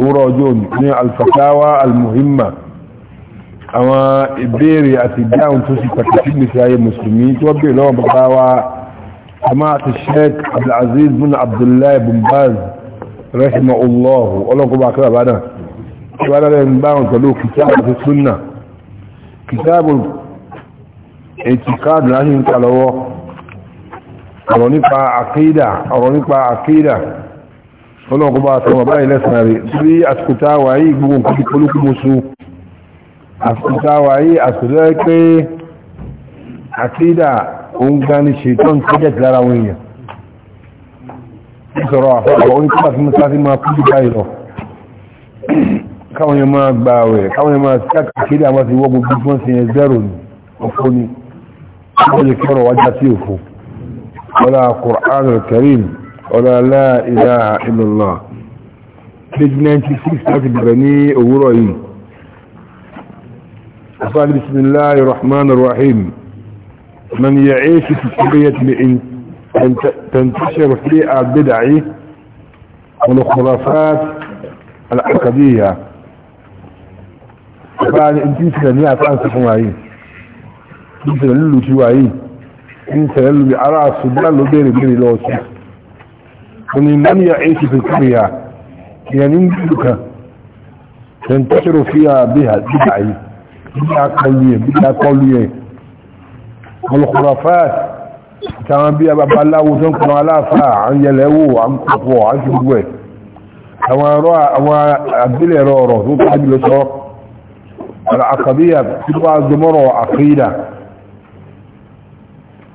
wúrọ̀ john ní alfatawa almuhimma àwọn ìbéèrè àti dáhùn tó sì pàtàkì gbèsè ayé musulmi tí wọ́n bèèrè lọ́wọ́ bàbá wa kama àti sheik abdulaziz bin abdullahi bin baz rahima allahu ọlọ́kọ̀ọ́bà akẹ́ bàbá náà tí wọ́n dára ń báwọn pẹ̀lú kìtàbù àti súnà kìtàbù ètìkáàdù láti ń kà lọ́wọ́ ọ̀rọ̀ nípa àkídà ọ̀rọ̀ nípa àkídà ọlọ́ọ̀kọ́ bá sọ bàbá ilẹ̀sìn rẹ̀ sí àsìkòtáwà yìí gbogbo nǹkan ti polúkú mọ́sù àsìkòtáwà yìí àsìkòtá pé àkídà òun gani ṣètọ́n tẹ́jẹ̀ ti lára wọn èèyàn sọ̀rọ̀ àfọ́kọ̀ oní kọ́mà sí mọ́sá sí máa kú sí báyìí lọ káwọn yẹn máa gba àwẹ̀ káwọn yẹn máa sí àkídà wọn ولا لا إله إلا الله page بسم الله الرحمن الرحيم من يعيش في سبية بإن تنتشر فيها البدع والخرافات العقدية فعلا انت انسل لي عطان سفوائي انسل للو شوائي انسل للو بعراس ودلو بيري بيري لوشي ومن لم يعيش في القرية يعني يمكنك تنتشر فيها بها بدعي بدعة قولية بدعة قولية والخرافات كما بيها بابا الله وتنكر على فاع عن يلهو عن كفو عن شبوه كما رأى أما أبدل يراره ثم تحب الأسواق العقبية تبقى الزمر وعقيدة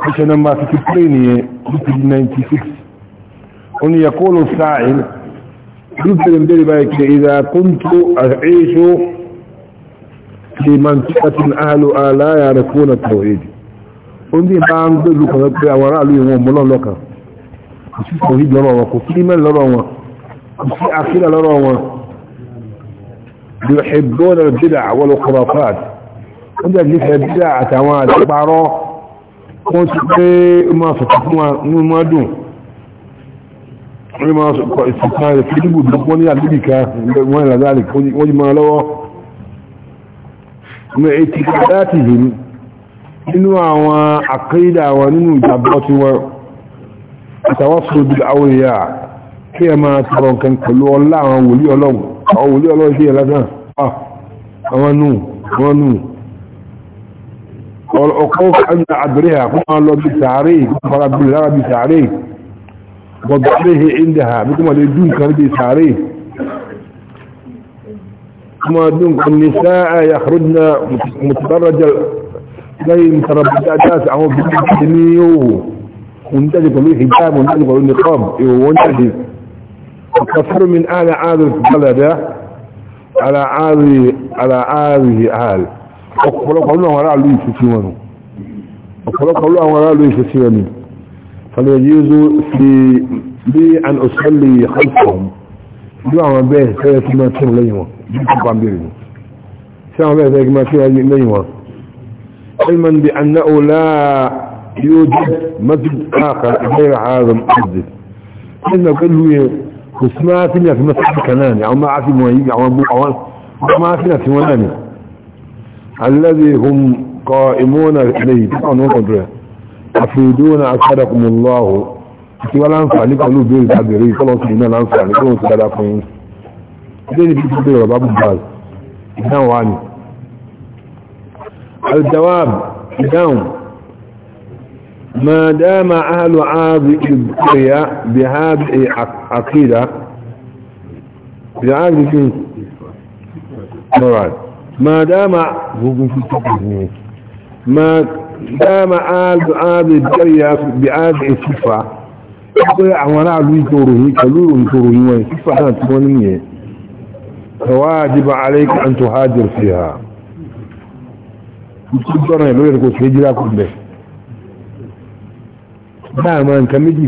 عشان ما تتبقيني 96 أن يقول السائل ربنا مدري بايك إذا كنت أعيش في منطقة أهلها لا يعرفون التوحيد أني بانقل لك وراء لي ومولون لك التوحيد لروا وكيما لروا وكي أخيرا لروا يحبون البدع والخرافات أنت لك البدع تعمال بارو كنت ما فتحوا ما دون علماء الفقهاء يجب الدقون يعلمك وإلى ذلك وجمع له من اعتقاداتهم إنه عقيدة وإنه جبرة وتوصل بالأولياء كما ترون كان كل والله ولي الله أو ولي الله شيء لك أه أمنوا أمنوا والعقوق عند عبرها كما الله بسعريه كما رب الله بسعريه وضع عندها بكم الدون كان بيساريه كما دون النساء يخرجن متدرج زي متربجات او بيو وانتج كله حجاب وانتج كله نقاب إيه، وانتج كثير من اهل عاد البلد على عاد على عاد اهل وقالوا قالوا وراء ليس سيوانو وقالوا قالوا وراء ليس سيوانو فلا يجوز في لي أن أصلي خلفهم دعوا به ثلاث ما تشم ليوا جيتوا عم بيرنوا سامع به ثلاث ما تشم ليوا علما بأنه لا يوجد مسجد آخر غير هذا المسجد إنه كله وسمعت في مسجد كناني أو ما عارف مهيج أو أبو عوان ما عارفين في وناني الذي هم قائمون عليه أفيدون أكثركم الله كي ولا أنفع لك ألو بيرك أبيري فلو سبنا لأنفع لك ألو سبنا لك ألو سبنا لك ألو سبنا الجواب إذن ما دام أهل عاد القرية بهذه عقيدة بعاد الجنس مراد ما دام ما دام آل بآل الجرية بآل السفة pé àwọn aráàlú ìtòròyìn pẹ̀lú ìtòròyìn wọn ìsífà náà tí wọ́n níyẹn tọwà àjíbà aláìkà ń tó hajjọ sí ha ìtú jọ́nà ìlú ìrìnkò sí jíra kò bẹ̀ náà máa nǹkan méjì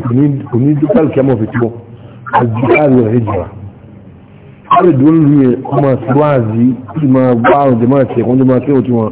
kò ní dúkàlù kẹmọ̀ fi tó àjíkáàlù rẹ̀ jìra ọ̀rẹ́dùn lóye ọmọ síwáàzí ìmọ̀ àgbà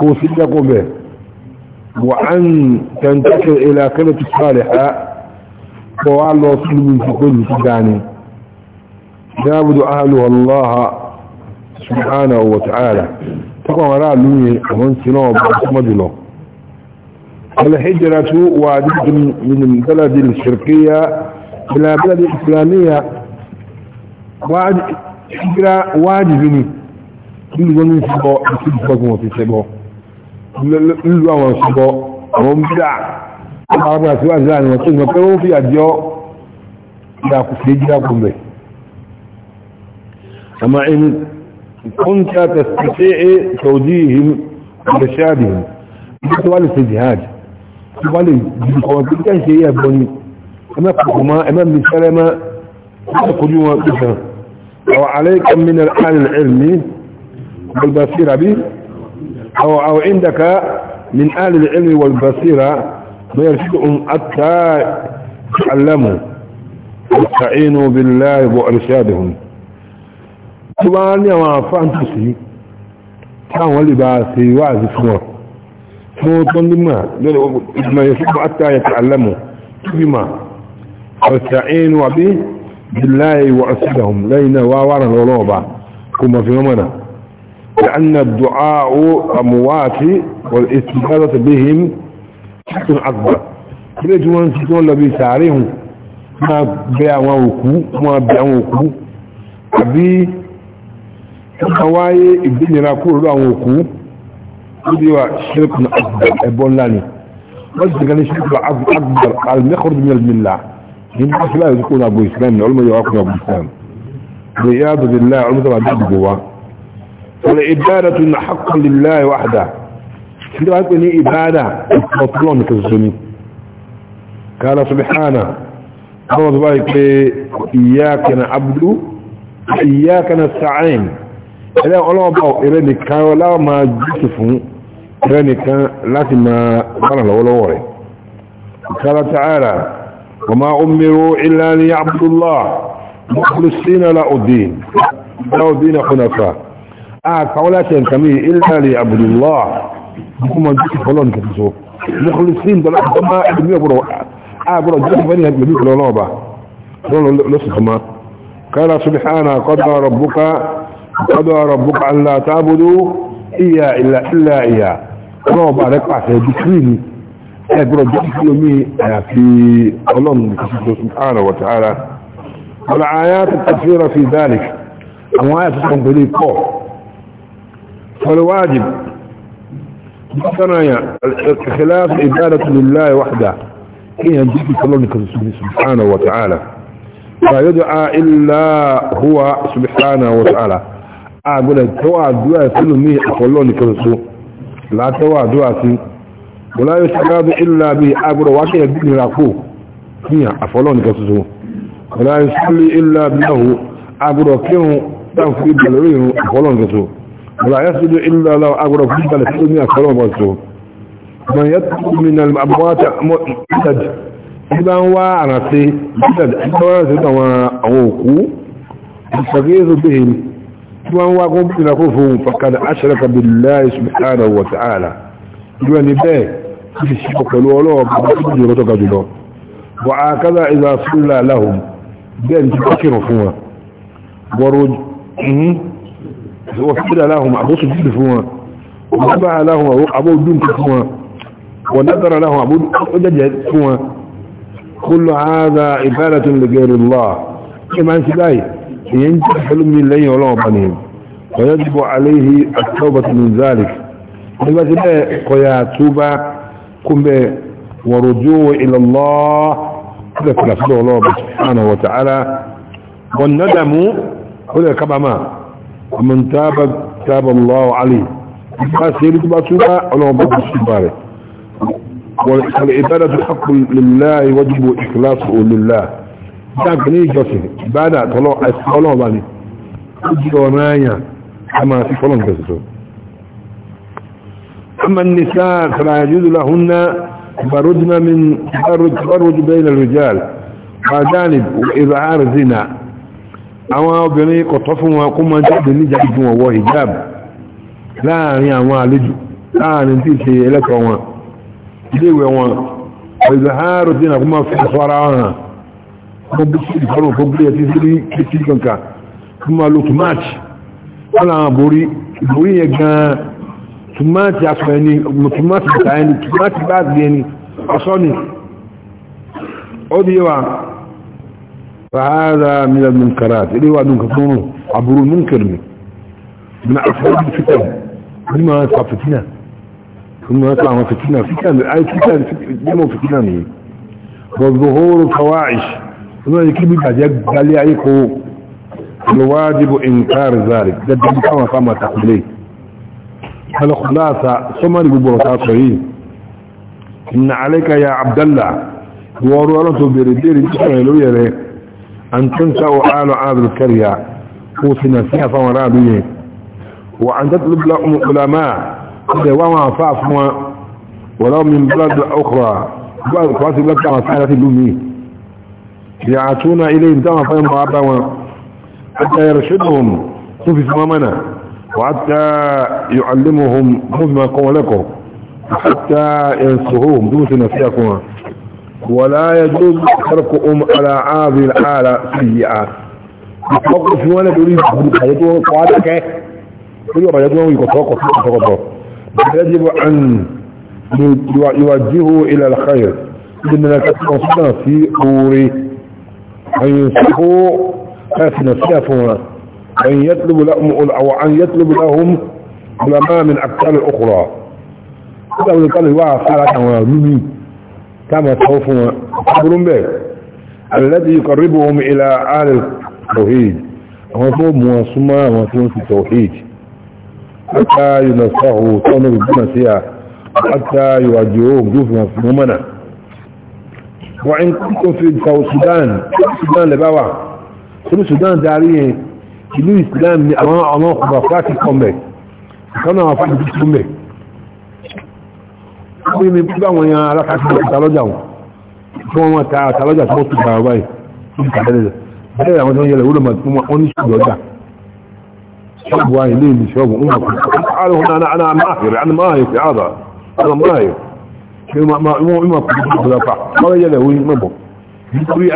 كوسيك به وأن تنتقل إلى كلمة الصالحة فهو الله سلم من كل سجاني يعبد أهلها الله سبحانه وتعالى تقوى وراء لوني من سنوه بأسمد له الحجرة وعدد من البلد الشرقية إلى بلد إسلامية واجب واجب كل من سبق في سبق lílu àwọn ṣùgbọ́ àwọn ń dà àwọn àṣíwájú láàrin wọn tó ìmọ̀ pé ó fi àjọ ìdàkùsí ìdàkùnbẹ̀ أما إن كنت تستطيع توجيههم وإرشادهم سؤال استجهاد سؤال جبكم كنت شيء يبني أما كما أمام بسلمة تقولوا بها وعليكم من الآن العلم والبصيرة به أو, أو عندك من أهل العلم والبصيرة ما يرشدهم حتى تعلموا واستعينوا بالله وإرشادهم طبعا يا ما تسي كان ولي باسي سمور فور فوت ما ما يشوف حتى يتعلموا بما واستعينوا به بالله وإرشادهم لين وورا الولوبة كما في يومنا لأن الدعاء أموات والاستغاثة بهم حق أكبر كل جوان سيكون لبي ساريهم ما بيع وكو ما بيع وكو àbí àwáyé ìgbìnira kúrò lọ àwọn òkú níbi wa ṣírkùn akbar ẹbọ ńlá ni wọ́n ti gani ṣírkùn akbar al-mẹ́kọ̀ọ́dún ní alìmìlá ní bá ṣílá ìrìnkú ní àgbò ìsìlámi olùmọ̀yẹ̀wà kún àgbò ìsìlámi والعبادة حقا لله وحده عندما يقول لي عبادة مطلوب منك الزمين قال سبحانه الله سبحانه إياك نعبد وإياك نستعين إذا أولا أبو بقى كان ولا ما جسفه إرانك لازم ما قال له ولا وري قال تعالى وما أمروا إلا ليعبدوا الله مخلصين لا الدين لا الدين حنفاء فولا تنكمي إلا لعبد الله هم جيك فلان كتسو مخلصين دل أحضما أدمي أبرو أبرو آه، جيك فاني هدمي فلانوبة فلان لصف ما قال سبحانه قد ربك قد ربك أن لا تعبدوا إياه إلا إلا إياه رابع لك أعطي بكريني أبرو آه، جيك فلاني آه، في فلان كتسو سبحانه وتعالى والآيات التفسيرة في ذلك أما آيات تتحدث لي قوة فالواجب ثنايا خلاف عبادة لله وحده إن يجيك كلونك سبحانه وتعالى لا يدعى إلا هو سبحانه وتعالى أقول توا دعاء سلمي كلونك لا توا دعاء ولا يستجاب إلا به أقول واكي يبني راكو فيها أفلونك سبحانه ولا يصلي إلا بله أقول كيو تنفيد بلريه أفلونك سبحانه ولا يسجد إلا لو أغرب جدا لسجدني أكبر ومسجد من يدخل من الأموات مؤتد إذا هو عرسي مؤتد إذا هو عرسي وأغوكو يستغيث بهم إذا هو قم إلى كفهم فقد أشرك بالله سبحانه وتعالى إذا نباه في الشبك الولو بسجد رتك جلو وعاكذا إذا صلى لهم بأن تذكر فيها ورج هو وفر لهم أبو سجد فيهم وتبع لهم أبو دون فيهم ونذر لهم أبو دجد فيهم كل هذا عبادة لغير الله كما انسلاي ينجح حلم من لي ولا بنيهم ويجب عليه التوبة من ذلك لما تبقى قيا توبة كن ورجوع إلى الله هذا كلا الله سبحانه وتعالى والندم هذا كما ما ومن تاب تاب الله عليه ما سيرت باتوبة أنا بابا السبارة والعبادة حق لله وجب إخلاصه لله ذاك ليه بعد عبادة طلوع أسفلوه أجرنايا كما في فلان أما النساء فلا يجوز لهن تبردن من برد بين الرجال وجانب وإظهار زنا àwọn obìnrin kọ̀tọ́ fún wọn kó máa jáde níjà ìfún ọwọ́ hijab láàrin àwọn àlejò láàrin tí ṣe ẹlẹ́tọ̀ wọn iléèwé wọn ìzàhárò tí nàkó máa fún ọ̀sọ́ ara hàn kó bí sí ìfọ́nù kó bí ẹtí sí kìtì kankan kó máa lo tomáàtì wọn làwọn borí ìborí فهذا من المنكرات اللي هو منكرون عبر المنكر من أفعال الفتن لما يطلع فتنة ثم يطلع فتنة فتنة أي فتنة فتنة فتنة والظهور فواعش ثم يكيب يقبل يعيقه الواجب إنكار ذلك ده كما كما تقبليه هل خلاصة سمر ببركات صحيح إن عليك يا عبد الله ورورته بردير انتشر لو يريه أن تنسوا آل عاد الكرية فوسنا فيها فورابيه وأن تطلب لهم علماء وما فافوا ولو من بلد أخرى بلد قواسب لك مسألة الأمي يعطون إليهم كما فهم ربما حتى يرشدهم في سمامنا وحتى يعلمهم مما قولكم حتى دوسنا فيها فورابيه ولا يجوز ترك أم على هذه الحالة سيئة يتوقف ولد يريد حياته قادك كل رجاله يتوقف يتوقف يجب أن يوجهه إلى الخير إن لك تصنع في أوري أن ينصحوا فاسنا سيافونا أن يطلب لهم أو أن يطلب لهم علماء من اكثر الأخرى هذا هو الواقع صارت عن كما تخوفوا قبل به الذي يقربهم إلى آل التوحيد وهو مواصمة ومواصمة التوحيد حتى ينصحوا صنع الجنسية حتى يواجهوهم جوف مؤمنة وإن كنتم في السودان السودان لبابا كل السودان داريه كل الإسلام من أمام أمام خبافات الكمبك كانوا أفضل بالكمبك wọ́n ní pípẹ́ àwọn èèyàn alákàtúntà àtàlọ́jà wọn tí wọ́n wọ́n ta àtàlọ́jà tí wọ́n ti gbà wáyé ní kàtẹ́lẹ̀ bẹ́ẹ̀ àwọn tí wọ́n yẹlẹ̀ wúlò mọ̀ tí wọ́n ní ṣùgbọ́n ọjà ṣọ́ọ̀bù wa ilé ìlú ṣọ́ọ̀bù ń wà kọ́ ana ana máàfẹ̀rẹ̀ ana máàfẹ̀ àbà ana máàfẹ̀ ṣe wọ́n ìmọ̀ kọ́ ìjọba pa wọ́n yẹlẹ̀ wí mọ̀bọ̀ nítorí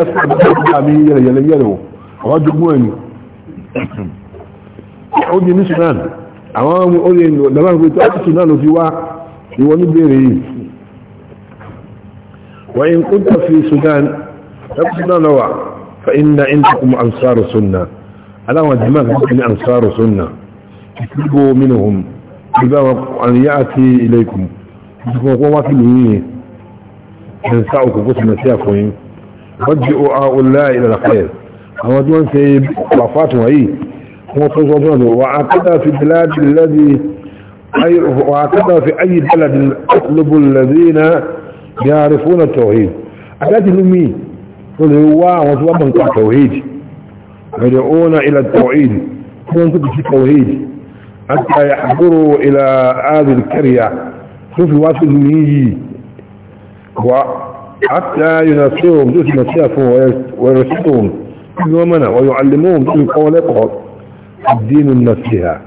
ẹsẹ̀ àwọn olè ìlú lọ́wọ́ ìgbé tó ọ́fíìsì náà ló fi wá يوني وإن كنت في سودان تبقى نوع فإن عندكم أنصار سنة على وجمال من أنصار سنة اتبقوا منهم إذا أن يأتي إليكم اتبقوا واكلين ينسعكم قسم نسيحكم رجعوا أقول لا إلى الخير أمدون سيب وفاتوا هي في البلاد الذي وهكذا في أي بلد أطلب الذين يعرفون التوحيد أتاتي لمي قل هو وزوما التوحيد يدعون إلى التوحيد ينطق في التوحيد حتى يحضروا إلى هذه الكرية شوف واصل ميجي وحتى ينصرهم دوس نصيحهم ويرشدهم يومنا ويعلمهم دوس قولك الدين النصيحة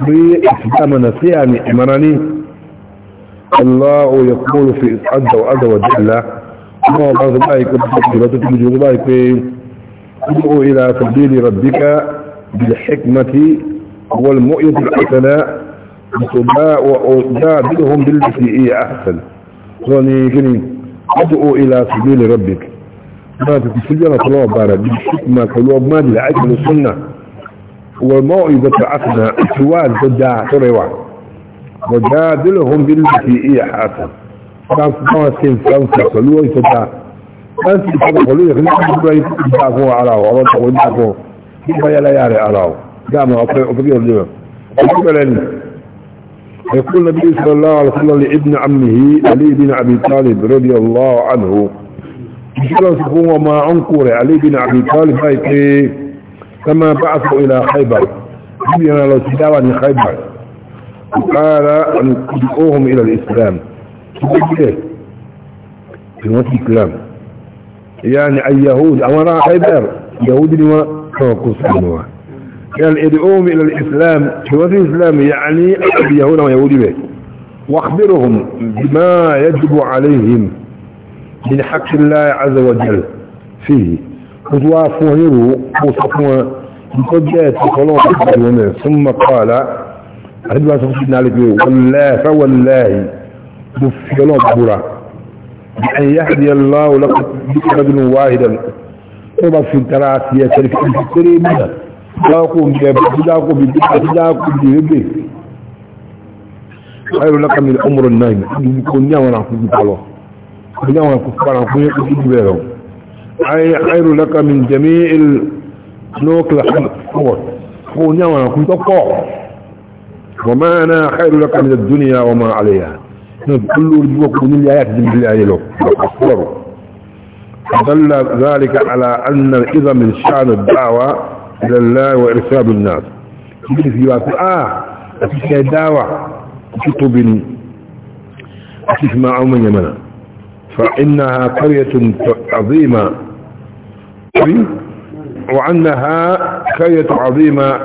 في إسلام نسيئة إمراني الله يقول في أدى وأدى وجل ما هو بعض الآيك بجوز الآيك ادعو إلى تبديل ربك بالحكمة والمؤية الحسنة وجادلهم بالتي هي أحسن يعني كني ادعو إلى تبديل ربك ما تتسجل طلاب بارك بالحكمة طلاب ما للعجل السنة والموعظة العسنى سواد ضدع تروى وجادلهم بالتي هي حسن كان سبحانه سين فرنسا قلوه يتدع أنت يتدع قلوه يخلق الله يتدعكم علىه ورد قلوه كيف يلا ياري علىه دعم أفريق الجمع أولا يقول النبي صلى الله عليه وسلم لابن عمه علي بن أبي طالب رضي الله عنه يقول سبحانه ما أنكر علي بن أبي طالب هاي كما بعثوا إلى خيبر جبنا لو تداوى من خيبر وقال أن تدعوهم إلى الإسلام تدعوه في نوت الإسلام يعني اليهود أمر خيبر يهود لما توقف عنه يعني كان ادعوهم إلى الإسلام في نوت الإسلام يعني اليهود ويهود به واخبرهم بما يجب عليهم من حق الله عز وجل فيه خذوا فهروا وصفوا بقدات خلاص ثم قال أحد ما سفسدنا عليك والله فوالله بفلون برا بأن يهدي الله لك رجل واحدا وما في التراث يا شريك أنت كريمنا لا أقوم بيبك لا أقوم بيبك لا أقوم بيبك خير لك من الأمر النايم يكون يوانا في الله يوانا كفارا كفارا كفارا أي خير لك من جميع النوك لحمد قول نعم كنت أقع وما أنا خير لك من الدنيا وما عليها نعم، كل رجوك من الآيات دي بالله له أكبر فدل ذلك على أن إذا من شأن الدعوة إلى الله وإرشاد الناس يجري في واسع آه في دعوة كتب أكيد ما أو من يمنع فإنها قرية عظيمة وأنها قرية عظيمة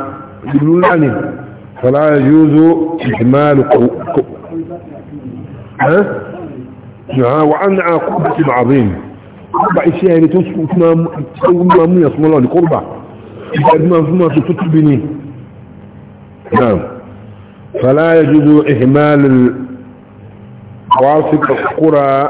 للعنى فلا يجوز إجمال ها نعم، وأنها قربة عظيمة قربة إشياء اللي تسوي مامية اسم الله لقربة إذا ما تتبني نعم فلا يجوز إهمال الواثق القرى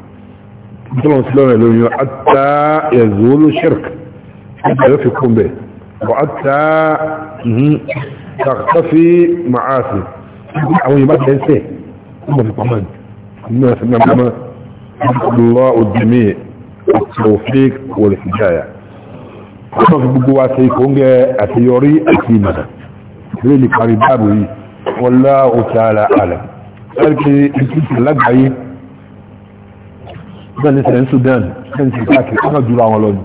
طبعا سلامة لو حتى يزول الشرك حتى يفكم به وحتى تختفي معاصي او يمد ينساه ثم في القمان الناس انما الله الجميع التوفيق والهداية ثم في بقواتي كونغ اتيوري اتيمنا ليلي والله تعالى اعلم قال لي انت لقعي bẹ́ẹ̀ ní sẹ́yìn Sudan bẹ́ẹ̀ ní sẹ́yìn káàkiri ọ̀nà jùlọ àwọn lọ́nà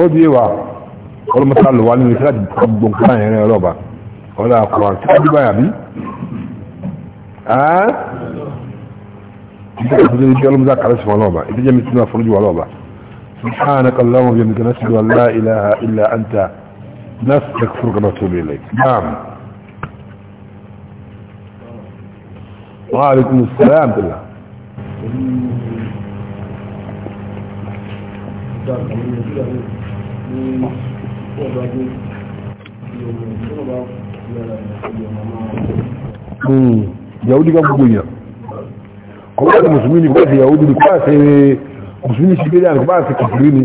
ó di wa ọlọ́mọta lọ́wọ́ nínú iṣẹ́ láti gbọ̀n kọ́ àyẹ̀rẹ́ rẹ̀ ọlọ́ba ọ̀là àkùrọ̀ àti ọdún báyà bí. ìjọba tó débi ọlọ́mọta kàrẹ́ sọ̀rọ̀ ọlọ́ba ìdíjẹ́ mi tún àforíjì wà lọ́ba سبحانك اللهم وبحمدك نشهد ان لا اله الا انت نستغفرك ونتوب اليك نعم وعليكم السلام بالله ìjọ àgbàmí ní ojú àwọn ní ọba dé ìyọ̀mọ̀ tí wọ́n bá yọra ìyọ̀mọ̀ máa. yahudi ka gbogbo yẹn kọ́mọ́ àti mùsùlùmí ni kọ́mọ́ àti yahudi ni kọ́mọ́ àti mùsùlùmí ṣe kéde àti kọ́mọ́ àti kìfìrí ni.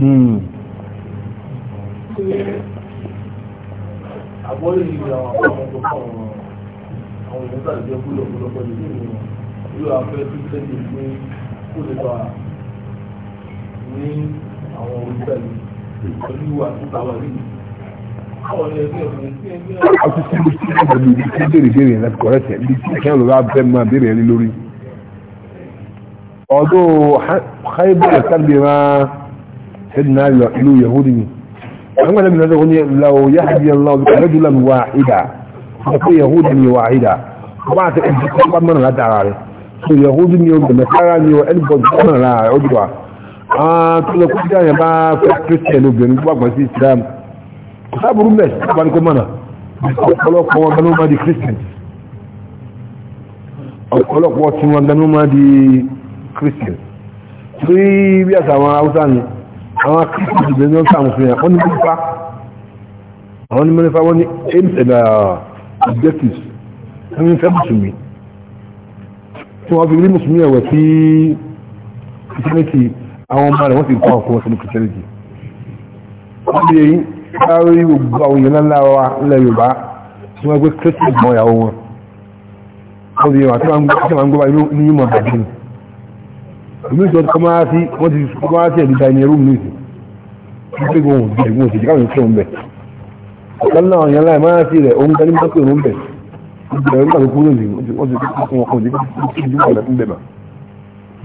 Hmm àgbọ́lé ìgbà àwọn ọmọ tó fọ́ àwọn ìgbà ìjọ kúlọ̀ kúlọ̀ pẹ̀lú ìgbà yóò afẹ́ tó tẹ̀lé pé kó lè bá ní àwọn olùdarí pẹ̀lú àtúntà wà nínú. Ọtí sí ibi tí wọ́n bẹ̀rẹ̀ ibi tí béèrè béèrè yẹn láti kọ̀rẹ́ tẹ̀ ibi tí ìkẹ́yìn lọ́wọ́ abẹ́ máa béèrè yẹn lórí. Ọ̀dọ́ Khaybar sábẹ̀ máa ṣẹ́dínà ìlú Yahudi ni. Àwọn ọmọdé mi lọ́dọ̀ ní lọ́wọ́ Yahadi Allah ọ̀dọ́ kọ̀rẹ́dúlà mi wà ìdá. Ọ̀pọ̀ Yahudi mi wà ìdá. Ọba àti ẹ̀jẹ̀ kọ́ so yahudu ni ọgbọ̀n nasara ni ẹnbọn gbọ́nà ra ọjọ́ àwọn tó lọ kúrò dáyẹ̀ bá fẹ́ kírísítẹ̀lì obìnrin tó wàgbọ́n sí islam kò sáàbùrú mẹ́ sábàníkọ́ mọ́nà ọ̀pọ̀lọpọ̀ wọn gánú máa di christian ọ̀pọ̀lọpọ̀ tí wọn gánú máa di christian tí bí àti àwọn haúsá ni àwọn christian ti bẹ̀rẹ̀ sáà mùsùlùmí àwọn ní mẹ́fà àwọn ní mẹ́fà wọ́n ní aims and uh, objectives wọ́n ní fẹ́ mùsùlùmí tí wọ́n fi rí mùsùlùmí ẹ̀wẹ̀ sí kìtẹ́lẹ̀tì àwọn ọmọ rẹ̀ wọ́n sì kọ́ ọ̀kọ́ sínú kìtẹ́lẹ̀tì wọ́n bí èyí káàrí gbogbo àwọn èèyàn ńlá wa ilẹ̀ Yorùbá tí wọ́n gbé kìtẹ́lẹ̀tì mọ́ ìyàwó wọn wọ́n bí èèyàn àti wọn gbọ́ ní ìmọ̀ bàjẹ́ ni ìlú ìṣọ́ kọ́ máa sí wọ́n ti kọ́ máa sí ẹ̀dùn dání ẹrú mi sí gbogbo òun ìbẹ̀rù nígbà tó kúrò ní wọ́n ti kọ́ wọn kọ́ ní ìjú ọ̀rẹ́ ń bẹ̀rẹ̀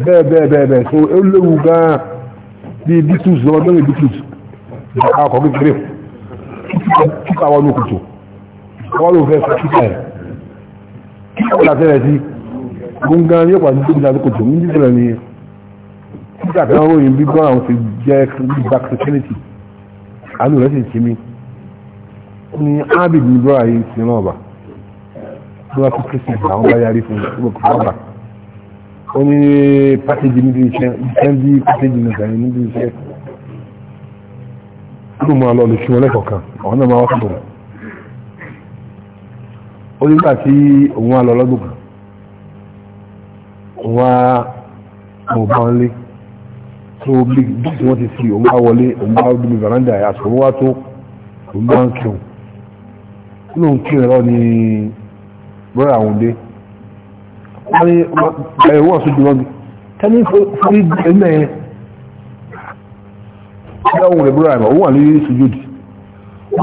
bẹ́ẹ̀ bẹ́ẹ̀ bẹ́ẹ̀ bẹ́ẹ̀ so ó léwu gan-an bí bitus lọ́wọ́ bẹ́ẹ̀ bitus ìjọba ọkọ̀ kékeré kíkà wọn ló kùtù wọn ló fẹ́ fẹ́ kíkà ẹ̀ kíkà wọn láti rẹ̀ sí gbọ̀ngàn yóò pàdé tóbi láti kùtù ní jíjìnlẹ̀ ni kíkà kan ròyìn bí gbọ́n àwọn ti jẹ́ gbígbà kìrìtì àánú rẹ̀ sì ti mi ní ábìd ní bọ́ra yìí náà ló wá fún christmas àwọn bá yarí fún ọgbọ̀n kò bá ó ní pàtẹ́jì níbi iṣẹ́ iṣẹ́ bí pàtẹ́jì nígbà yẹn níbi iṣẹ́ ló máa lọ lè ṣe wọn lẹ́kọ̀ọ̀kan àwọn náà máa wá sọ̀rọ̀ ó nígbà tí òun á lọ lọ́dún kan òun á mọ̀ bá wọn lé tó bí tí wọ́n ti fi òun bá wọlé òun bá bí veranda àti òun wá tó òun bá ń kírun lóun kírun lọ ní bọ́rọ̀ àwọn dé ẹ̀wọ́ ọ̀sọ́jú wọn tẹ́lí fúrí ẹgbẹ́ ẹ̀ ẹ̀wọ̀n rẹ̀ bọ́rọ̀ àwọn wà ní sùjúdì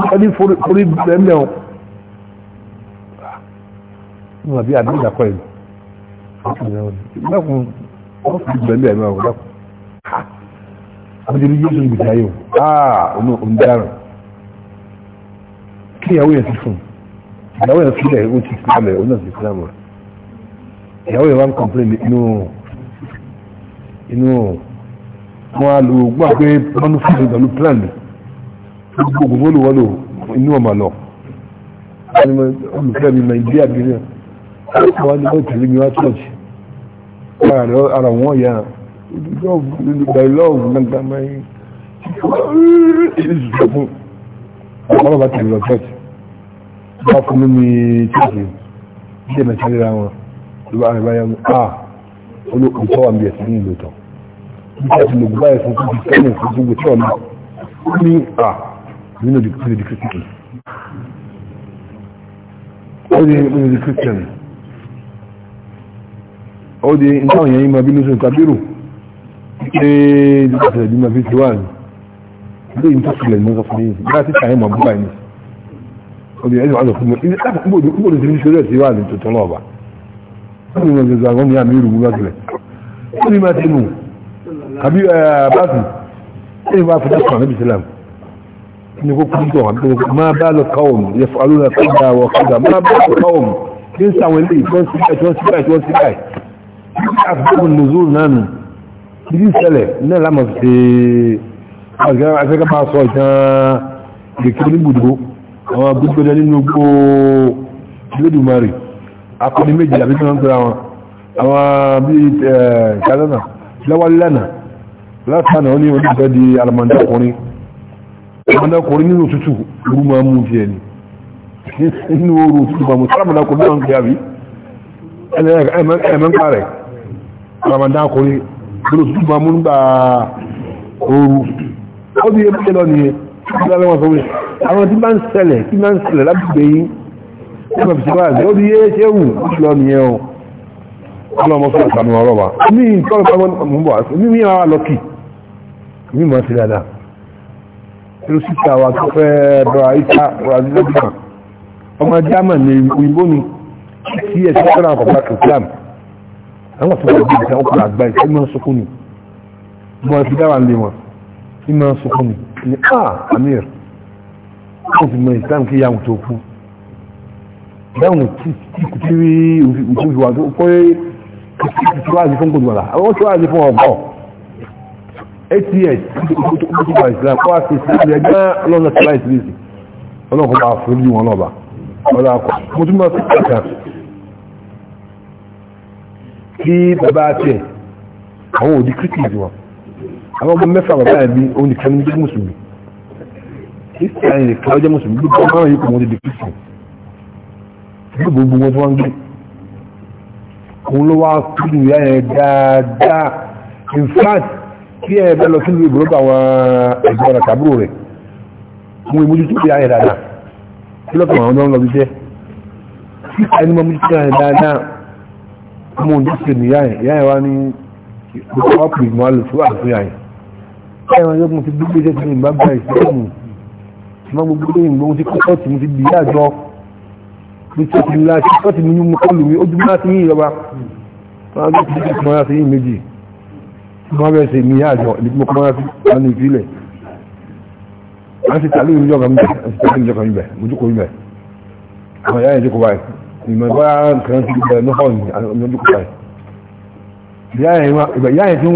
tẹ́lí fúrí ẹgbẹ́ ọ̀ níwọ̀n bí àbí ìdàkọ́ ẹ̀ lẹ́kùn wọ́n fi gbẹ̀lẹ̀ ẹ̀mẹ́ ọ̀rọ̀ lẹ́kùn àbújẹ́ bí jésù gbìtayé ọ̀ ah ọ̀nà ọ̀nà dára kí ẹ̀wọ́ yẹn ti fún un ìyàwó yẹn sílẹ̀ ó ti islam ẹ̀ ó náà ti islam rẹ̀ ìyàwó yẹn wá ń complain inú inú wọn á lò gbà pé wọn ń fún ìdọ̀lú plan gbogbo olùwọlò inú ọmọ lọ olùfẹ́ mi nàìjíríà bí rẹ̀ àwọn ni wọ́n tẹ̀lé mi wá church ara wọn yà by love gbàgbà máa ń ìṣòfò àwọn ọba tẹ̀lé lọ church wọ́n fún mi ní tíìsì díẹ̀ mẹ́ta ríra wọn ló bá rẹ̀ a olóòótọ́ wà ń bí ẹ̀sìn ní ìlú tọ̀ nígbà tí mo gbá ẹ̀sìn fún ti sẹ́yìn fún gbogbo tí ọ̀nà ó ní à nínú ìdíkùtì di kírísítì ó di nínú di kírísítì ó di nǹkan òyìn yìí máa bí lóṣù kábírù pé dídàtẹ̀lẹ̀ bí máa fi ti wà ní ilé ìtọ́sílẹ̀ mọ́sọ́fún ọdún ẹ̀yọ́ ọdún fún mi gbọ́dọ̀ tí ní ṣẹlẹ̀ sí wà ní tuntun náà bá ọdún ìwọ̀n gbèsè àwọn ní àmì ìrùgbù bá tilẹ̀ ó ní máa ti mú àbí báàsì ẹni bá fún dákùn àmì ìsìlám ní kó kú tó àbí máa bá lọ káwọm yẹ fún alóra kọjá wọ kọjá máa bá lọ káwọm ní sàwọn ilé ìtọ́ sí báyìí tọ́ sí báyìí tọ́ sí báyìí àfikún nù àwọn gbígbẹ́dẹ nínú gbóò lédùmarì akọni méjì àbí tí wọ́n ń pẹ́ra wọn àwọn bí kálánà lẹ́wàlẹ́nà látànà ó ní onígbẹ́ di alamọ́ndẹ́kùnrin alamọ́ndẹ́kùnrin nínú òtútù orú máa mú ti ẹni nínú orú òtútù máa mú sáramọ́ndẹ́kùnrin náà ń pè àbí ẹ̀mẹ́ ń parẹ̀ alamọ́ndẹ́kùnrin nínú òtútù máa mú nígbà ooru ó di àwọn tí bá ń ṣẹlẹ̀ tí bá ń ṣẹlẹ̀ lábùgbé yìí ẹgbẹ̀ bìṣẹ́wà ó bí yé ṣe wù lọ nìyẹn o ọlọ́mọ fún àtàmì ọ̀rọ̀ wa ní ìtọ́rọ̀ pàmọ́ mọ́ ní ní àwọn lọ́kì ní mọ́ sí dáadáa ẹlú síta wa tó fẹ́ bọ́ra ìta brazilian ọmọ german ní òyìnbó ni tí ẹ̀ sí ọ̀rọ̀ àkọ́kọ́ kìtìlám àwọn tó àgbà ìṣẹ́ mọ́ sọkún ni dáwà lé wọn ní mọ́ ni ni ah wọ́n fi mọ islam kí yàwùn tó kú dáhùn tí òfin ìwà tó kọ́ tíwáàzí fún gbogbo àlá àwọn tíwáàzí fún ọgbọ́ ats gbogbo islam wọ́n ti sí ilẹ̀ gbá lọ́nà tí láì sílẹ̀ sí ọlọ́kùn bá forí wọn lọ́ba ọlọ́ akọ mo tún máa fi kàkà kí bàbá tiẹ̀ àwọn òdì kírísítì wọn àwọn ọmọ mẹ́fà bàbá ẹ̀ ní oníkanú mùsùlùmí kírísítẹ́nì nìkan ó jẹ́ mùsùlùmí gbogbo márùn yìí kò wọ́n ti di kírísítẹ́nì gbogbo gbogbo wọn tí wọ́n ń gbé òun ló wá kúrò ìyá yẹn dáadáa in fact kí ẹ bẹ́ lọ sílùú ìbúrò bá wọn ẹ̀gbọ́n rẹ̀ tàbúrò rẹ̀ mú ìmójútó ìyá yẹn dáadáa kí lọ́kàn àwọn ọdún lọ bí jẹ́ kíkà ẹni mọ́ mójútó ìyá yẹn dáadáa mú un jẹ́ ìyá yẹn ìyá yẹn wá ní ìpínlẹ̀ ọ̀pọ̀ ìgbìmọ̀ ṣùgbọ́n gbogbo lóyìn gbogbo ti kọ́kọ́ tí mo ti bì yàjọ bí tí ó ti la ṣe kọ́ ti ní mú kọ́ lùmí ojú bá ti yí ìjọba wọn ló ti di kọ́ ya sí yìí méjì wọn bẹ̀rẹ̀ sí ní yàjọ ní tí mo kọ́ ya sí wọn ní ìfilẹ̀ wọn ti tàlú ìjọ kan bẹ̀ wọn ìyá ìjọ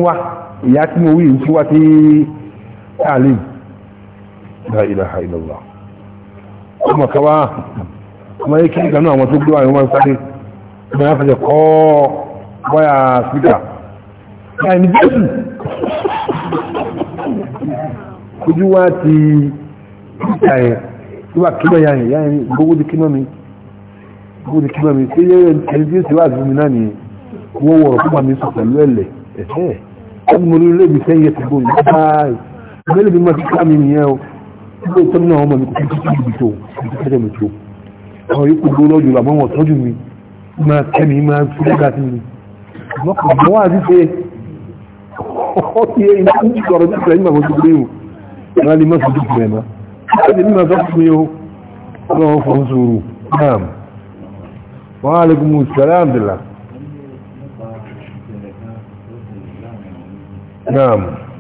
wá tí mo wí la ilaha illallah ọmọ kaba ọmọ yìí kiri kanú àwọn tó gbé àwọn ọmọ sáré ọmọ yà fẹsẹ̀ kọ́ bọ́yà síkà láì ní jésù ojú wa ti kíkà yẹn tí wà kíkà yà yẹn yà yẹn gbogbo di kíkà mi gbogbo di kíkà mi tí yẹn ẹni tí ó sì wá àti mi náà nìyẹn wọ́n wọ̀rọ̀ fún àmì sọ pẹ̀lú ẹ̀lẹ̀ ẹ̀ẹ́ ọmọ orílẹ̀-èdè sẹ́yìn ẹ̀ tẹ̀gbọ́n mi báyìí ọmọ orílẹ̀-èdè ilé ìtọ́jú náà ọmọ mi kò tó tó ibi tó ìtọ́jú mi tó àwọn yòókù gbó lọ́jọ́ àmọ́ wọn tọ́jú mi máa kẹ́mi máa fi lẹ́gà sí mi lọ́kàn mọ́ àti ṣe ọ́ ti ẹ̀ iná ń sọ̀rọ̀ ní ìgbà ìgbà tó gbé wò máa ní mọ́sí tó gbé mọ́ láti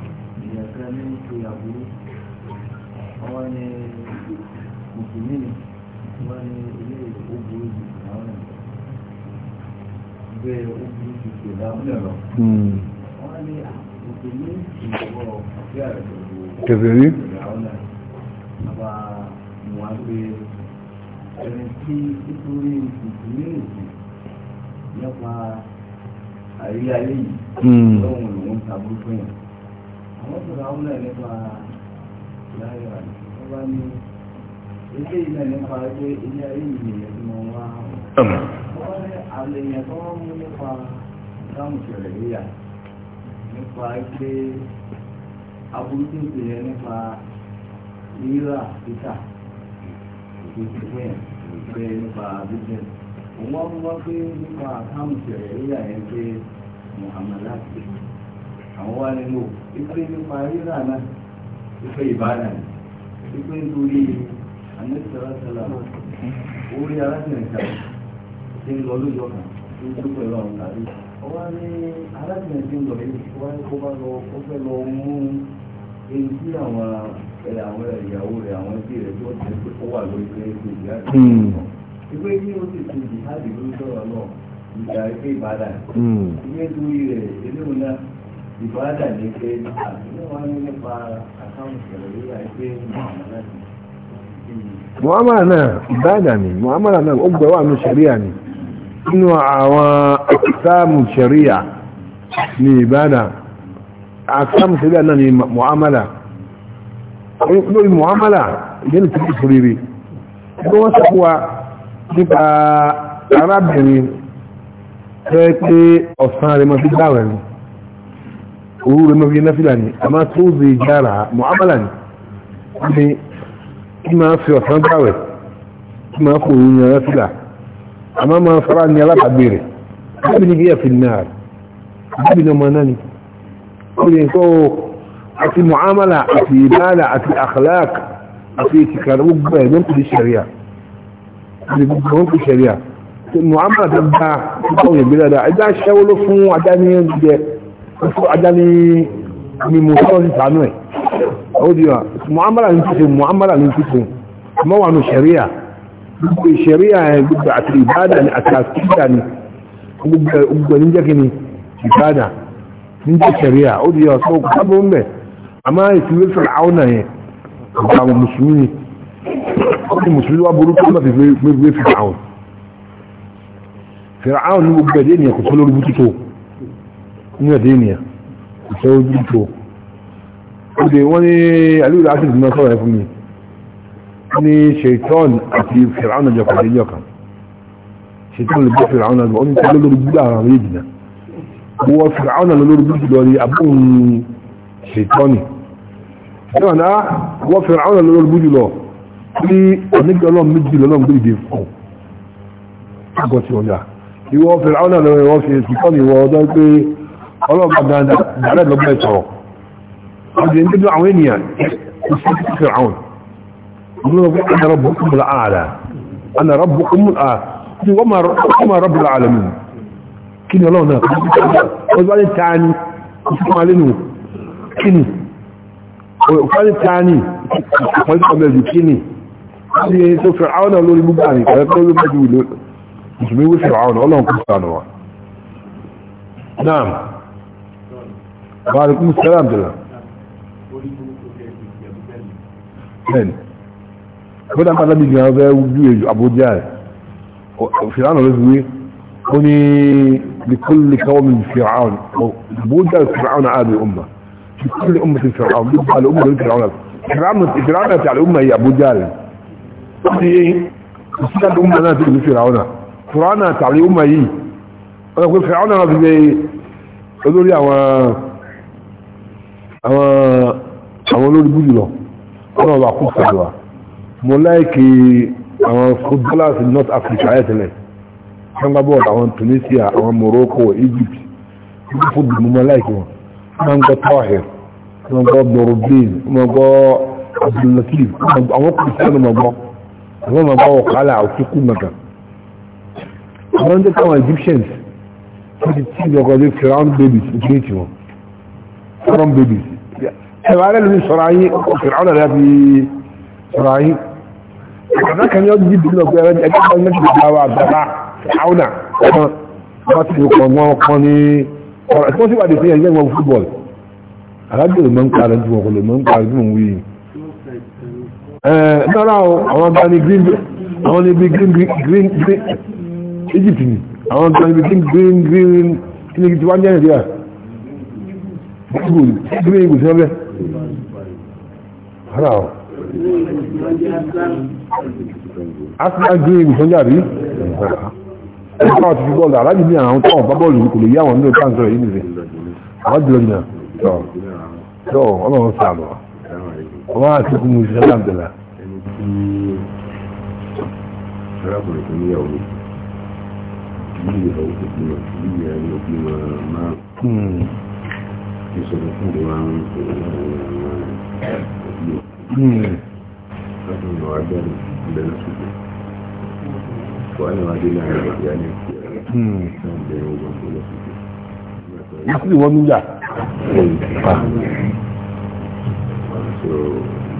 kẹfẹ̀rí ẹni tí nítorí ìdílé òsì nípa àrí ayé yìí lọ́wọ́ lòun tàbí fún yàn àwọn sọ̀rọ̀ àwọn náà nípa láyé rà ní wọ́n bá ní ilé ilẹ̀ nípa pé ilé ayé yìí nìyẹn tí wọ́n wá táwọn ìṣẹ̀lẹ̀ yìí yà nípa pé aburú tó ṣe yẹ nípa rírà títà tó ṣe fún yẹn pé nípa business òun wá wá pé nípa táwọn ìṣẹ̀lẹ̀ yìí yà yẹn pé muhammadu àwọn wá nínú ìpè nípa rírà náà ìpè ìbára ni ìpè nítorí anẹ́sọ̀rọ̀sọ̀rọ̀ orí arákùnrin kan ti ń lọ lójọ́ kan tó ń tó pẹ̀lú àwọn tàbí wọ́n ní arábìnrin tí ń lọ yìí wọ́n kó bá lọ ó fẹ́ lọ mú èyí tí àwọn ẹ̀rẹ̀ àwọn ẹ̀rẹ̀ ìyàwó rẹ̀ àwọn ẹbí rẹ̀ tó tẹ̀ pé ó wà lórí pé ó yá sí ìwé ní ó sì ti jìhádì lórí sọ̀rọ̀ náà ìjà ìpè ìbàdà hmm. ìwé lórí rẹ̀ eléwọ̀n náà ìbàdà ní pé àbúrò ní nípa àkáǹtì rẹ̀ lórí àìpé muhammadu náà ìbàdà ni muhammadu náà ó gbẹ́wà ní sẹ́ríà ni nínú àwọn àkìsáàmù sharia ní ìbádà àkìsáàmù sharia náà ni mu'amala lórí mu'amala ìdẹ́lì tí ó fòrèrè bí wọ́n sọ́kúwa nípa arábìnrin tẹ́ pé ọ̀sán rẹ̀ mọ́ sí dáwẹ̀ ni òru rẹ̀ mọ́ sí náfílà ni a máa tó zè jára mu'amala ni kí máa fi ọ̀sán dáwẹ̀ kí máa fòrò yẹn náfílà أمام فران يلا تعبيره قبل جيه في النار قبل مناني قبل يقول أتي معاملة أتي إبالة أتي أخلاق أتي تكار وقبه ينقل الشريعة ينقل الشريعة المعاملة تبقى قوية بلا دا إذا الشاول فون عداني فون عداني من مصوص عنوي أوديها المعاملة لنفسهم المعاملة لنفسهم ما هو عنه شريعة gbogbo ìṣẹ̀ríà yẹn gbogbo àti ìbádà ni àti àtúntà ni gbogbo ní jẹ́ kíni ìbádà ní jẹ́ ìṣẹ̀ríà ó di ọ̀sán òkú sábà ń bẹ̀ àmọ́ ìfìwé fẹ̀rẹ̀ àwọn náà yẹn ọ̀gá àwọn mùsùlùmí ni ó di mùsùlùmí wá burúkú náà fi gbé fẹ̀rẹ̀ àwọn fẹ̀rẹ̀ àwọn ní gbogbo ẹ̀dẹ́ ènìyàn kò tó lórí ní ṣètọ́n àti fìrànà jọ pàdé yọ kan ṣètọ́n lè bọ́ fìrànà lọ ní tẹ́lẹ̀ lórí gbúdà àwọn méjì náà wọ́n fìrànà lọ lórí gbúdà lórí abúrún ṣètọ́nì ṣẹ́wọ̀n náà wọ́n fìrànà lọ lórí gbúdà lọ ní onígbà lọ méjì lọ náà gbúdà fún àgọ́ tí wọ́n yà ìwọ fìrànà lọ wọ́n fi ṣètọ́nì wọ́n ọdọ́ pé أنا ربكم الأعلى أنا ربكم الأعلى وما رب العالمين كني الله هناك وقال التاني وقال له كني وقال التاني وقال قبل كني قال فرعون قالوا لي مباني قالوا لي مباني يسميه فرعون الله كن سانوا نعم وعليكم السلام دلال kódà máa lábí gan fẹ́ ojú èjò àbójá ẹ̀ fìránà ló fi wé ó ní lèkólè káwọ́ mi fìránà àbójá fìránà àbí ọmọ lèkólè ọmọ ti fìránà ló bá lọ́mọ lórí fìránà fìránà ti àlè ọmọ yìí àbójá rẹ̀ ó ti yé ìsíkà tó ọmọ náà ti lè fìránà fìránà ti àlè ọmọ yìí ọ̀nà pé fìránà náà fi lè olórí àwọn àwọn olórí bújù lọ ọ̀nà ọba kó fìránà mo láìkì àwọn footballers in north africa ayẹ́tẹ̀lẹ̀ sangabọ́ọ̀lù àwọn tunisia àwọn morocco egypt ní fúdù mo máa láìkì wọn wọ́n gbọ́ tawahir wọ́n gbọ́ borobin wọ́n gbọ́ abdullatif àwọn kìrìsìtánù ma gbọ́ àwọn ma gbọ́ ọ̀kálà òkúkú mẹ́ta àwọn ń tẹ́kọ̀ àwọn egyptians wọ́n ti tí ìjọkọ̀ ní firaun babies ní ti wọn firaun babies ẹ̀rọ alẹ́ lórí sọ̀rọ̀ ayé firaun alẹ́ fi sọ̀rọ̀ ayé kàkà kan yóò jí bìlọ̀ pé ẹgbẹ́ ẹgbẹ́ kan méjì bá wà bàbá àwọnà ọmọ wọn ti kọ̀ wọn kọ́ ní ọ̀rọ̀ ẹ̀sìn tí wà lè fi ẹgbẹ́ wọn fútbọ̀l alájọ lè mọ ń parẹ́ ju wọn kò lè mọ ń parẹ́ ju wọn wí. ẹ̀ẹ́ náírà o àwọn ọba ní green àwọn níbi green green green Egypt ni àwọn ọba níbi green green green kí ni ti wá ní Nàìjíríà green green kò sí ọbẹ̀ arsenal green sọ́jà rí ẹ̀ka ọ̀tí fi bọ́ọ̀lù aláàjì ní àwọn tọ́wọ̀n bá bọ́ọ̀lù kò lè yá wọn nínú káńsọ̀ yìí nìyẹn àwọn jùlọ nà tọ́ tọ́ ọlọ́run sàlọ̀ ọmọ àti kùn mú ìṣẹ́lá àbẹ̀là. arákùnrin Ìsìlì wọn níjà.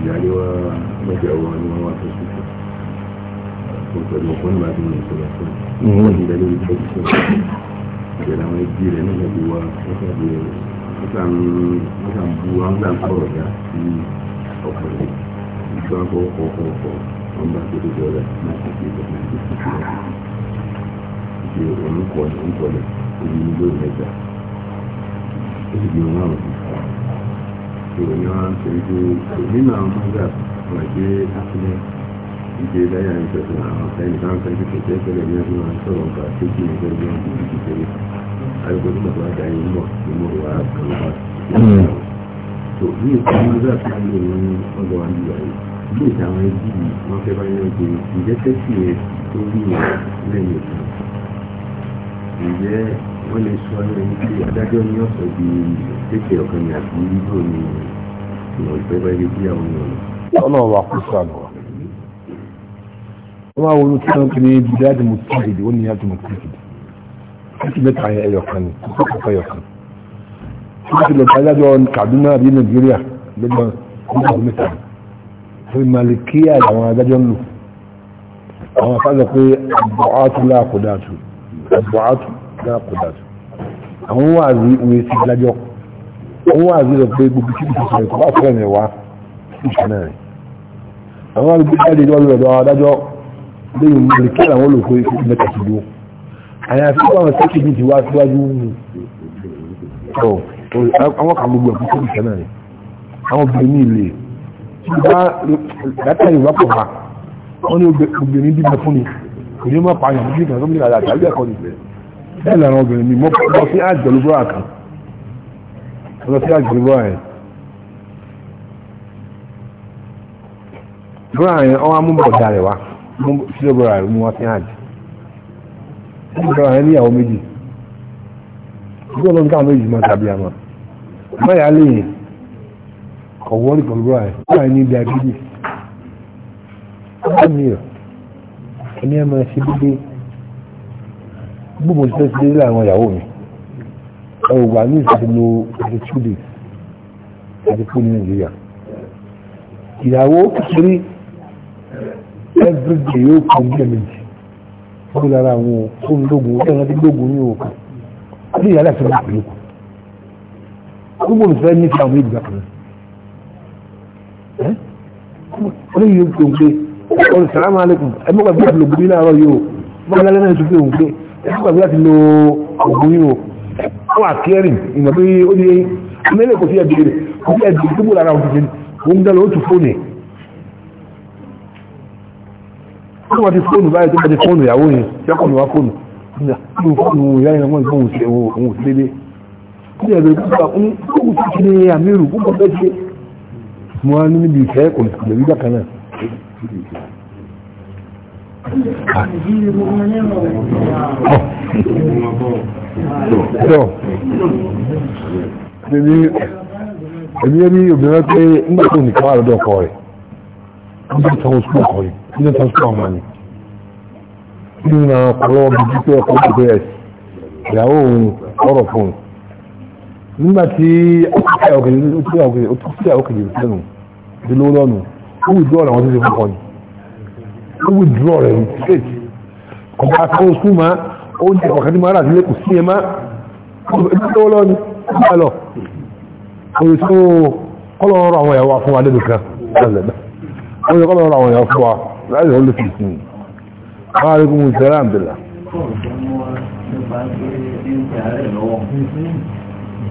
Ìyáni wá mẹ́jọ wọn ni wọ́n wá fẹ́ sí fún. Mo pẹ̀lú ọkùnrin máa bí wọn sọ̀rọ̀ fún. Wọ́n ti bẹ̀rẹ̀ ìjọ ìṣẹ́. Ìbẹ̀rẹ̀ àwọn ẹbí wọ́n sàbẹ̀ wọ́n ọkùnrin ìgbà ọkọ̀ ọkọ̀ ọkọ̀ ọmọ akéde dọ́là náà àti ìgbà náà ti fi fi hàn ìṣe òǹkọ̀lẹ̀ òǹkọ̀lẹ̀ omi nílò mẹ́ta ìṣèjì wọn àwọn ti fà ìṣòro ni wọn ṣe wípé nínú àwọn fúnjà wọn ṣe àfihàn ìṣe dáyà ń sọ̀tún àwọn ẹni táwọn fẹ́ ti tẹ̀tẹ̀ tẹ̀lé ní ọdún wọn sọ̀rọ̀ nípa tó kí ní fẹ́ bí wọn kò ní ti tẹ̀lé àyùkọ́ tó bàbá àdáyé ń bọ̀ nínú ìwà àkànlá tó bí ètò mọ́sá tá lò ní ọ̀dọ̀ àgbà yìí bí ètò ẹbí yìí wọ́n fẹ́ bá yẹn gbé ìjẹ́tẹ́ sí yẹn tó rí wọn lẹ́yìn kan ǹjẹ́ wọ́n lè sọ ẹni pé adájọ́ ní ọ̀sẹ̀ di kéèké ọ̀kan ní àti yíyó ní ìwọ̀n ìfẹ́ bá yẹ bí àwọn ọ̀nà. ọlọ́run wa kú sàlù wa máa wọnú kí wọ́n ti ní bídá àdìmọ̀ tí ìdí wọ́n ní wọ́n ti lọ sí adájọ́ Kaduna àbí Nàìjíríà lọ́gbọ́n nígbàgbọ́ mẹ́ta fún malikiya àwọn adájọ́ ń lò àwọn afáàzọ pé àbọ̀átù láàkùdàtù àbọ̀átù láàkùdàtù àwọn wáàzí ìwé ti dúró àwọn kan gbogbo ẹ̀kú tóbi sẹ́nà rẹ̀ àwọn obìnrin ní ilé látàrí ìwà pọ̀ ha wọ́n ní obìnrin bímọ fún mi kò ní mọ́ pààyàn bí ìgbà tó mi rà tàbí ẹ̀kọ́ nìgbẹ́ bẹ́ẹ̀ lára obìnrin mi mọ́ sí àjọlúbọ́ra kan lọ sí àjọlúbọ́ra yẹn bọ́ra yẹn wọ́n á mú bọ̀dá rẹ̀ wá sí bọ́ra rẹ̀ mú wá sí àjọ bọ́ra yẹn níyàwó méjì gbọ́dọ̀ nǹkan méjì máa tàbí àmọ́ báyà lè kọ̀wọ́ ní pẹ̀lú ẹ̀ báyà ní diabetes ọ̀pọ̀ mi ọ̀ ẹni ẹ̀ máa ṣe dédé gbogbo ìṣẹ́ ti dédé láwọn ìyàwó mi ẹ̀rù wà ní ìṣẹ́ lo ẹ̀rù two days àti fún ní nàìjíríà ìyàwó kékeré everyday yóò kàn bí ẹ̀mẹjì wọ́n lára àwọn fóònù lógun ẹ̀rọ ti lógun ní òkú ó lè yàrá ìṣẹ́ lókùlókù gbogbo olùfẹ́ ní ti àwọn ìgbà kan wọ́n yóò fi òun pé ọ̀rọ̀ sàrámà alẹ́kùn ẹgbẹ́gbà bí láti lo gbogbo láàárọ̀ yóò wọ́n lálẹ́ náà tó fi òun pé ẹgbẹ́gbà bí láti lo ògùn yóò wọ́n àkẹ́rìn ìmọ̀ pé ó ní mẹ́lẹ̀ kò sí ẹ̀bìrì kò sí ẹ̀bìrì tó bò lára òun tuntun òun dá lọ ó tu fóònù ẹ̀ wọ́n wọ́n ti fóònù báyìí tó bá ti fóònù ìyàwó yẹn yọkọ̀ ní wá fóònù ní ẹ̀rọ ìgbà fún kókò tó ṣe ní àmìrù púpọ̀ bẹ́ẹ̀ ṣe mo wá níbi ìfẹ́ kò lè rí bákan náà. Ah. Èmi ẹni obìnrin pé nígbà tó nìkan wà lọ́dọ̀ ọkọ rẹ̀, nígbà tó ń sún ọkọ rẹ̀, nígbà tó ń sún ọmọ rẹ̀. Nínú àwọn ọkọ̀ lọ́wọ́ bíi pé ọkọ̀ tó bẹ̀rẹ̀ ìyàwó òun ọ̀rọ̀ fún un nígbà tí ọkùnrin ọkùnrin ọkùnrin ọkùnrin ọkùnrin lẹ́nu ti lówó lọ́nu ó wùdúrọ̀ rẹ̀ wọ́n ti ṣe fún kọ́ni ó wùdúrọ̀ rẹ̀ ní straight kọ̀ọ̀bá akọ́wọ́ sùn máa ó ń tẹ̀kọ̀ kan ní mara àti lẹ́kùn sí ẹ má lówó lọ́nu ó bá lọ òye tó kọ́lọ̀ ọ̀rọ̀ àwọn ìyàwó fún wa lẹ́nu kan òye kọ́lọ̀ ọ̀rọ̀ àwọn ìyàwó fún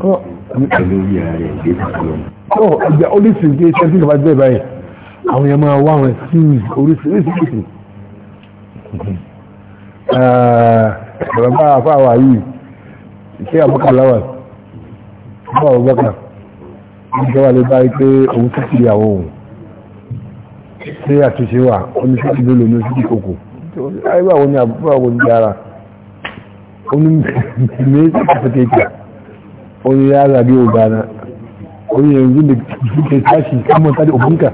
ọ̀ ọjà oríṣiríṣi ṣẹ́ntì kàbá jẹ́ báyìí àwọn yẹn máa wá àwọn sí oríṣiríṣi bàbá àfáwà yìí ṣé àbúkàláwà bá àbúkà ìjọba lè báyìí pé òun tó kiri àwọn òun ṣé àtúnṣe wà oníṣẹ́ ìdólò ní oṣù kòkò ayébáwo ni àbúkà wọn ní ara onímọ̀ ìmẹ́sì àti kéèkéà wani ya zage wa gana wani yanzu da suke tashi kamar da ubunka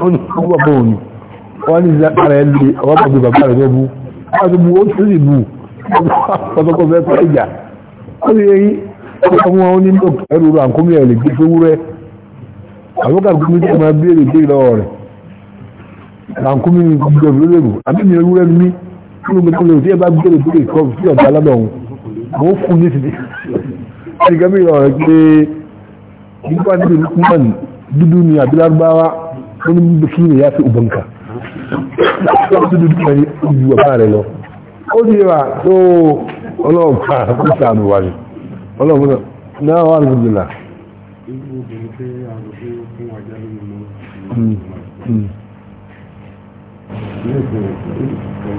wani wani wani za ƙara yalle a wata bai babba da gabu a ta bu wani tsiri bu wata kuma ya fara ija wani yayi kuma wani ɗauka ya ruru an kuma ya lege sun wure a lokar kuma ya kuma biyar da ke da wani an kuma ya lege sun wure a mimiyar wure ne tí mo kọ́ lóòótọ́ bá gbé lóòótọ́ lè kọ́ sí ọ̀dà alábọ̀ òun àwọn fún ní ti di ẹni kan mìíràn rẹ̀ pé nípa níbi lukman dúdú ni abilárúbáwá ó ní bí kí ni ya fi ọgbọ̀n kà láti dúdú kan ní ojú ọ̀pá rẹ̀ lọ ó ní wa tó ọlọ́ọ̀pá kó sàánù wa ni ọlọ́ọ̀pá náà wà lóòótọ́ Mm. Mm.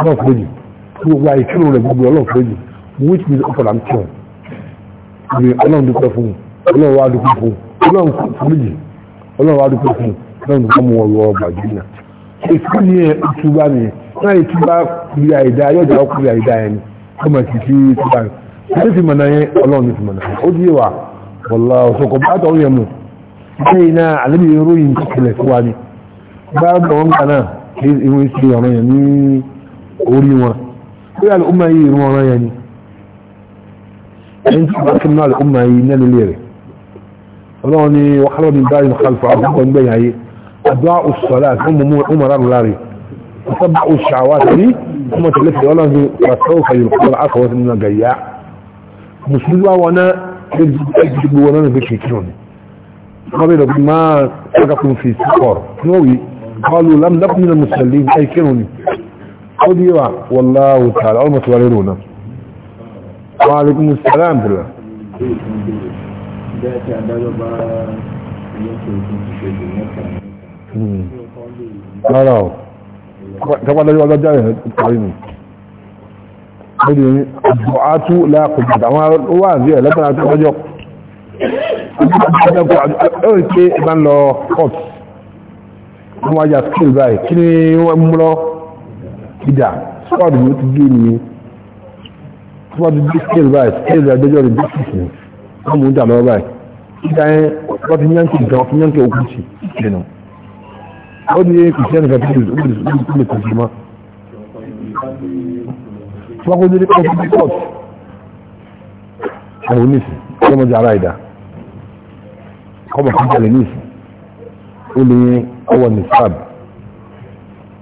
ọlọ́ọ̀fẹ́jì tí gbogbo àìkírò rẹ̀ gbogbo ọlọ́ọ̀fẹ́jì which means ọkọ̀ làǹkọ̀ ìwé ọlọ́run dúpẹ́ fún ọlọ́run wá dúpẹ́ fún ọlọ́run fúlùjì ọlọ́run wá dúpẹ́ fún ọlọ́run dúpẹ́ mú ọrọ̀ ọgbà jìnnà ètò ní ẹ ìtura ni náà ìtura kiri àìdá yọjà ọkùnrin àìdá ẹni ọmọ ti fi ìtura ni ṣé ti mọ̀nà yẹn ọlọ́run ti mọ̀nà yẹn ó di wà wọ́lá ọ̀sọ̀kọ̀ bá tọ̀ yẹn mu lẹ́yìn náà àlẹ́bí ìròyìn kíkìlẹ̀ fún wa ni bá bọ̀ wọn gbà náà ìwé ìṣe ọ̀rọ̀ yẹn ní قولي ما هي الأمة هي رمانا يعني انت باكل مع الأمة هي نال الليرة وراني وحراني دائم خلف عبد الله هي أدعاء الصلاة هم أمر الله وطبعوا الشعوات لي هم تلفت ولا في رسول في القرى عصوة من الجياع مسلوة وانا اجدب وانا بشكلون قبل ما تقفوا في سفر نوي قالوا لم نبني المسلمين اي كنوني kudi wa wallahu ta'ala al mutawarriruna wa alaikum assalam bila hmm. rárá o tọ́pàdé ọjọ́ járe parí ni lórí ní àdùátú láàkùnjẹ́ àwọn wà ní ẹ̀ lẹ́tàrà tó ọjọ́ ẹ̀rìn pé ìbá ń lọ court wọ́n wájá skill báyìí kí ni wọ́n mú lọ́wọ́ ìdá sọ́ọ̀dù ló ti gé nìyẹn tó bá ti gé scale by scale àgbẹjọ́ rẹ̀ bí six ni wọ́n mú ìdá lọ́wọ́ báyìí ìdá yẹn wọ́n ti yánkì nǹkan wọ́n ti yánkì okú sí ìdènà ó ní kìsìyàn nǹkan tó lè tó lè kìsì mọ́. tí wọ́n kó dé kó ti court ẹ̀wọ̀n ní ìsìn kọ́ mọ́jà ara ìdá kọ́ mọ́ kí n tẹ̀lé ní ìsìn ó lè ọwọ́ ní sáàbù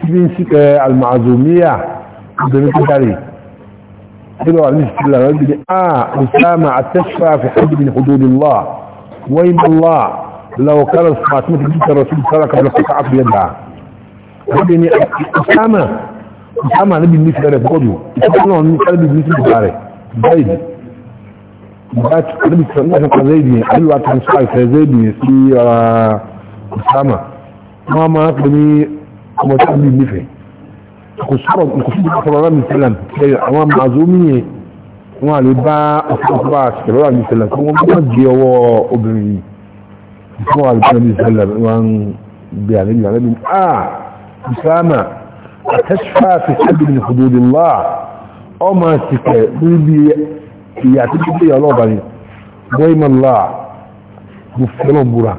كيفين سيك المعزومية قدمت التاريخ حلو على نفس الله يقول آه أسامة التشفى في حد من حدود الله وإن الله لو كان الصلاة مثل جيت الرسول ترك لقطعت بيدها يقول أسامة أسامة نبي النسي داري بقوله أسامة نبي النسي داري زيدي بات نبي الناس زيدي قالوا أتهم صحيح زيدي في أسامة ما ما ọmọ tí a ní nífẹ̀ẹ́ kò sọ̀rọ̀ kò sí ìfọ̀rọ̀ rẹ̀ mìsílẹ̀ ṣe àwọn màzómi yẹn wọn à lè bá ọ̀fọ̀fọ̀ àṣẹ̀rọ̀ rẹ̀ mìsílẹ̀ kí wọ́n má gbé ọwọ́ obìnrin yìí fún àlùfẹ́ mìsílẹ̀ wọn gbé àlejò àlejò a ah, ìsáàmà àtẹ́sífà fi sábìlì ní fòdòdìlá ọmọ àṣìkẹ̀ níbi ìyà tí kí pé ọlọ́ọ̀bà ni wọ́ìmọ̀lá mo fẹ́ràn búra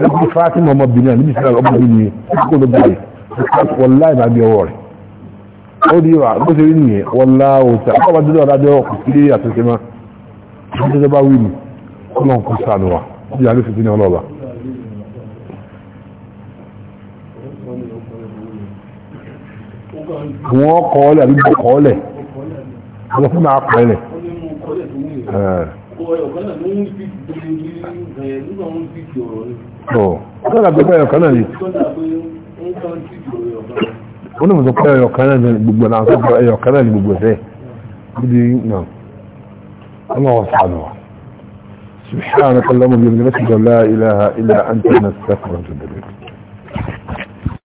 ẹbí fatima ọmọbìnrin níbi sílẹ̀ ọmọbìnrin kó ló bẹ̀rẹ̀ wọláì bá bí ọwọ́ rẹ̀ ó di wa bó ṣe rí nìyẹn wọlá òòtà ọkọ̀ bá dídọ̀ ọ̀dájọ́ kò sí ilé àtúnṣe má ìdíjọ́ bá wí mi kó lọ́n kó sànù wa bí alẹ́ fi sínú ọlọ́ba. wọ́n kọ́ ọ́lẹ̀ àbí bọ́ kọ́ ọ́lẹ̀ wọ́n fún máa pẹ́ lẹ̀ ọ̀rẹ́ ọ̀kan náà ló ń fi gbogbo ẹ̀rú náà ń fi ti ọ̀rọ̀ ni ọ̀rọ̀ àgbẹ̀gbẹ̀ ọ̀kan náà yìí wọ́n ni mo sọ pé ọ̀kan náà ní gbogbo náà sọ pé ọ̀kan náà ní gbogbo ẹ̀fẹ́ níbi náà wọ́n náà wọ́n sàánù wa subhanahu wa ta'ala mu bi yamina la ilaha illa anta nastaghfiruka wa natubu ilayk